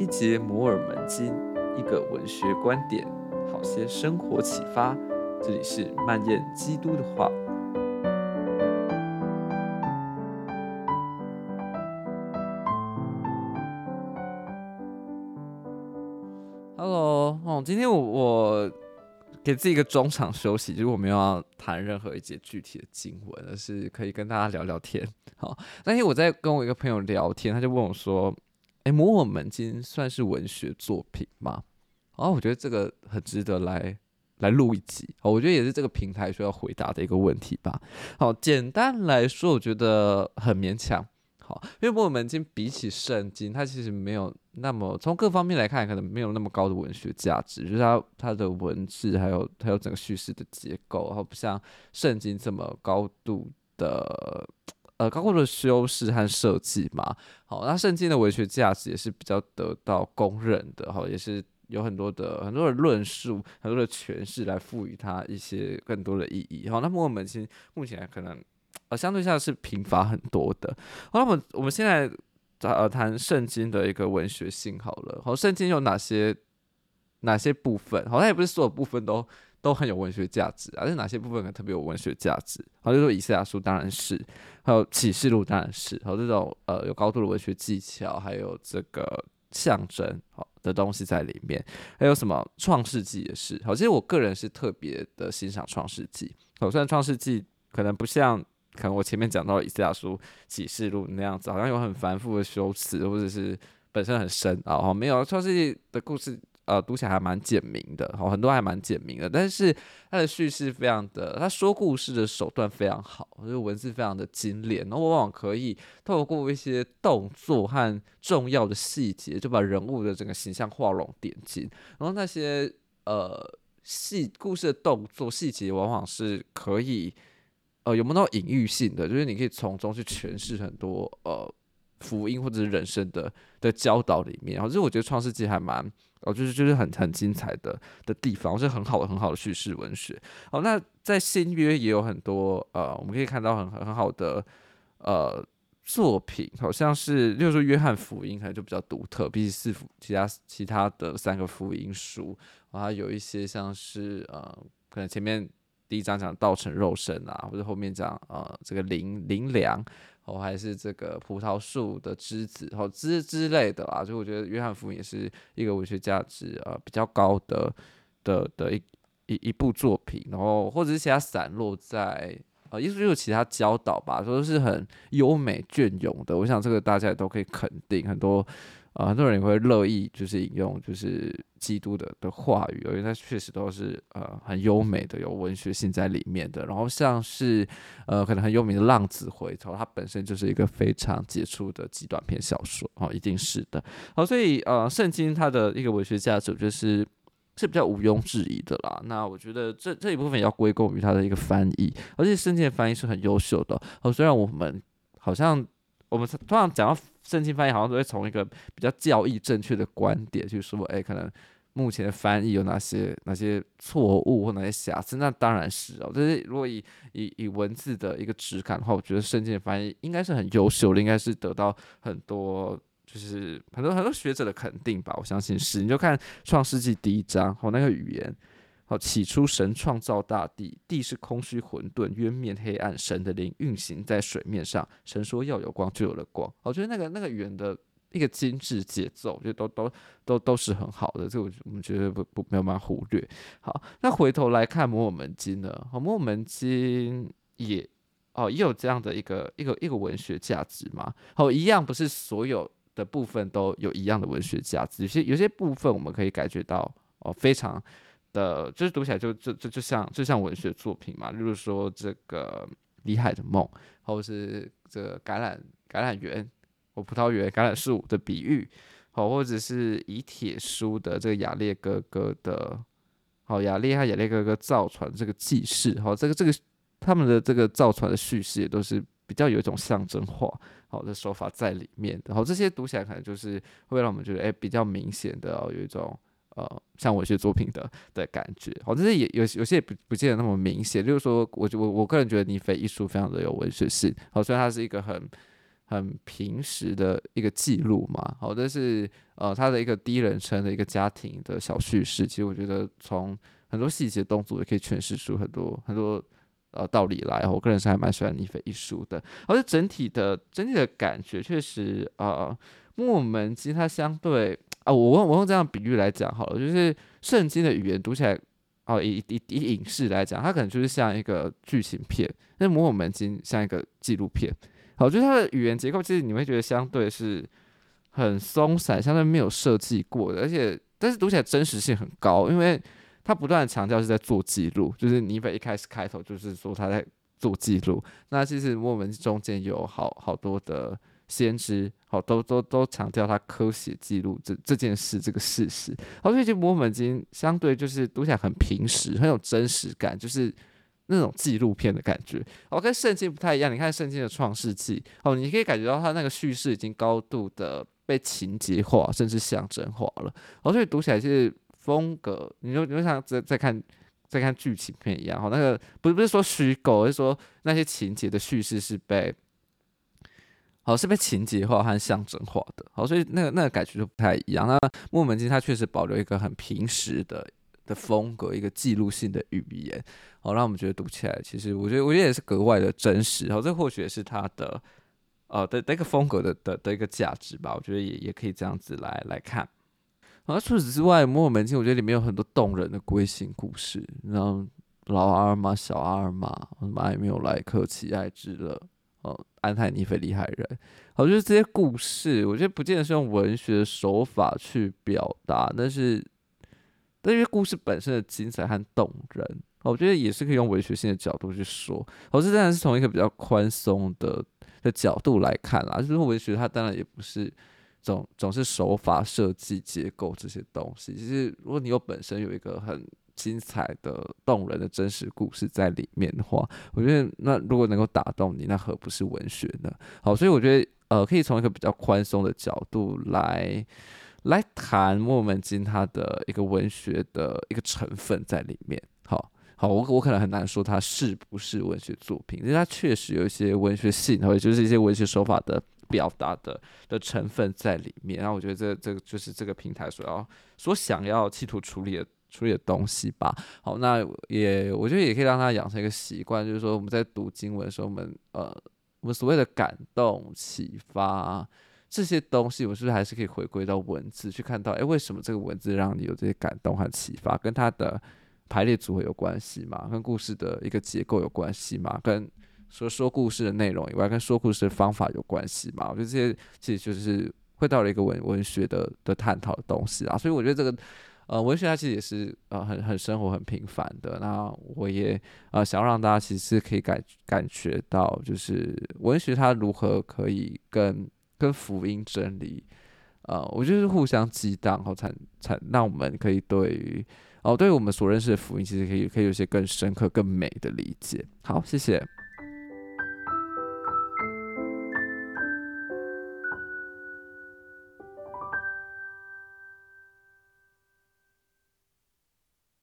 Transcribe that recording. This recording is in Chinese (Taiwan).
一節摩爾門經，一個文學觀點，好些生活啟發。這裡是漫念基督的話。Hello，哦，今天我我給自己一個中場休息，就是我沒有要談任何一節具體的經文，而是可以跟大家聊聊天。好，那天我在跟我一個朋友聊天，他就問我說。哎，誒《摩爾門經》算是文學作品嗎？哦，我覺得這個很值得來來錄一集啊。我覺得也是這個平台需要回答的一個問題吧。好，簡單來說，我覺得很勉強。好，因為《摩爾門經》比起《聖經》，它其實沒有那麼從各方面來看，可能沒有那麼高的文學價值，就是它它的文字還有還有整個敘事的結構，然後不像《聖經》這麼高度的。呃，高度的修飾和設計嘛，好，那聖經的文學價值也是比較得到公認的，哈，也是有很多的很多的論述，很多的詮釋來賦予它一些更多的意義，好，那麼我們其實目前可能呃相對上是貧乏很多的，好，那麼我們現在呃談聖經的一個文學性好了，好，聖經有哪些哪些部分，好像也不是所有部分都。都很有文學價值、啊，而且哪些部分可能特別有文學價值？好，就說、是、以賽亞書當然是，還有啟示錄當然是，還有這種呃有高度的文學技巧，還有這個象徵好的東西在裡面。還有什麼創世紀也是。好，其實我個人是特別的欣賞創世紀。好，雖然創世紀可能不像可能我前面講到的以賽亞書、啟示錄那樣子，好像有很繁複的修辭或者是本身很深啊，好,好沒有創世紀的故事。呃，讀起來還蠻簡明的，好、哦，很多還蠻簡明的，但是他的敘事非常的，他說故事的手段非常好，就是、文字非常的精煉，然後往往可以透過一些動作和重要的細節，就把人物的整個形象畫龍點睛。然後那些呃細故事的動作細節，往往是可以呃有沒有那種隱喻性的，就是你可以從中去詮釋很多呃。福音或者是人生的的教導裡面，啊、哦，其實我覺得《創世紀》還蠻，哦，就是就是很很精彩的的地方、哦，是很好的很好的敘事文學。好、哦，那在新約也有很多，呃，我們可以看到很很好的呃作品，好、哦、像是，例如說約翰福音可能就比較獨特，比起四福其他其他的三個福音書，然、哦、後有一些像是呃，可能前面第一章講道成肉身啊，或者後面講呃這個靈靈糧。哦，還是這個葡萄樹的枝子，後、哦、枝之類的啦，所以我覺得《約翰福音》也是一個文學價值啊、呃、比較高的的的、的一一一部作品，然後或者是其他散落在呃也就有其他教導吧，說都是很優美雋永的，我想這個大家也都可以肯定很多。啊，很多人也會樂意就是引用就是基督的的話語，因為它確實都是呃很優美的，有文學性在裡面的。然後像是呃可能很有名的《浪子回頭》，它本身就是一個非常傑出的極短篇小說，好，一定是的。好，所以呃聖經它的一個文學價值就是是比較毋庸置疑的啦。那我覺得這這一部分也要歸功於它的一個翻譯，而且聖經的翻譯是很優秀的。好，雖然我們好像。我們通常講到聖經翻譯，好像都會從一個比較教義正確的觀點去說，哎，可能目前的翻譯有哪些哪些錯誤或哪些瑕疵？那當然是哦，但、就是如果以以以文字的一個質感的話，我覺得聖經的翻譯應該是很優秀的，應該是得到很多就是很多很多學者的肯定吧。我相信是，你就看《創世紀》第一章和那個語言。好，起初神創造大地，地是空虛混沌，淵面黑暗。神的靈運行在水面上。神說要有光，就有了光。我覺得那個那個圓的一個精致節奏，我覺得都都都都是很好的。這我我覺得不不，不沒有辦法忽略。好，那回頭來看《摩爾門經》呢，《摩爾門經》也哦也有這樣的一個一個一個文學價值嘛。好，哦，一樣不是所有的部分都有一樣的文學價值。有些有些部分我們可以感覺到哦非常。呃，就是讀起來就就就就像就像文學作品嘛，例如說這個李海的夢，或者是這個橄欖橄欖園或葡萄園橄欖樹的比喻，好、哦，或者是以帖書的這個雅列哥哥的，好雅列和雅列哥哥造船這個記事，哈、哦，這個這個他們的這個造船的敘事也都是比較有一種象徵化好的手法在裡面的，然、哦、後這些讀起來可能就是會讓我們覺得哎比較明顯的哦有一種。呃，像文學作品的的感覺，好，但是也有有些也不不見得那麼明顯。就是說，我就我我個人覺得尼腓一書非常的有文學性，好、哦，雖然它是一個很很平實的一個記錄嘛，好、哦，但是呃，他的一個第一人稱的一個家庭的小敘事，其實我覺得從很多細節動作也可以詮釋出很多很多呃道理來。我個人是還蠻喜歡尼腓一書的，而、哦、且整體的整體的感覺確實啊。呃《摩爾門經》其實它相對啊，我我用這樣的比喻來講好了，就是《聖經》的語言讀起來，哦以以以影視來講，它可能就是像一個劇情片；那《摩爾門經》像一個紀錄片。好，就是它的語言結構，其實你會覺得相對是很鬆散，相對沒有設計過的，而且但是讀起來真實性很高，因為它不斷強調是在做記錄，就是尼腓一開始開頭就是說他在做記錄。那其實《摩爾門經》中間有好好多的。先知，好、哦，都都都強調他科學記錄這這件事這個事實，而、哦、所以就我們已經相對就是讀起來很平實，很有真實感，就是那種紀錄片的感覺。哦，跟聖經不太一樣，你看聖經的創世紀，哦，你可以感覺到它那個敘事已經高度的被情節化，甚至象徵化了。哦，所以讀起來是風格，你就你就像在在看在看劇情片一樣。哦，那個不是不是說虛構，而是說那些情節的敘事是被。好，是被情節化和象徵化的？好，所以那個那個感覺就不太一樣。那《摩爾門經》它確實保留一個很平實的的風格，一個記錄性的語言，好，讓我們覺得讀起來，其實我覺得我覺得也是格外的真實。好，這或許也是它的呃的的一個風格的的的一個價值吧。我覺得也也可以這樣子來來看。好，除此之外，《摩爾門經》我覺得裡面有很多動人的歸信故事，然後老阿爾瑪、小阿爾瑪、艾繆萊克、齊愛倫。哦、嗯，安太尼腓李海人。好，就是這些故事，我覺得不見得是用文學的手法去表達，但是，但是因為故事本身的精彩和動人，我覺得也是可以用文學性的角度去說。我是當然是從一個比較寬鬆的的角度來看啦，就是文學它當然也不是總總是手法設計結構這些東西。其實如果你有本身有一個很。精彩的、動人的真實故事在裡面的話，我覺得那如果能夠打動你，那何不是文學呢？好，所以我覺得，呃，可以從一個比較寬鬆的角度來來談摩爾門經他的一個文學的一個成分在裡面。好好，我我可能很難說它是不是文學作品，因為它確實有一些文學性，或者就是一些文學手法的表達的的成分在裡面。然後我覺得這這個就是這個平台所要所想要企圖處理的。處理的東西吧。好，那也我覺得也可以讓他養成一個習慣，就是說我們在讀經文的時候，我們呃，我們所謂的感動、啟發這些東西，我們是不是還是可以回歸到文字去看到？哎，為什麼這個文字讓你有這些感動和啟發？跟它的排列組合有關係嗎？跟故事的一個結構有關係嗎？跟說說故事的內容以外，跟說故事的方法有關係嗎？我覺得這些其實就是回到了一個文文學的的探討的東西啊。所以我覺得這個。呃，文學它其實也是呃很很生活很平凡的。那我也呃想要讓大家其實可以感感覺到，就是文學它如何可以跟跟福音真理，呃，我就是互相激盪後才才讓我們可以對於哦、呃，對於我們所認識的福音，其實可以可以有些更深刻、更美的理解。好，謝謝。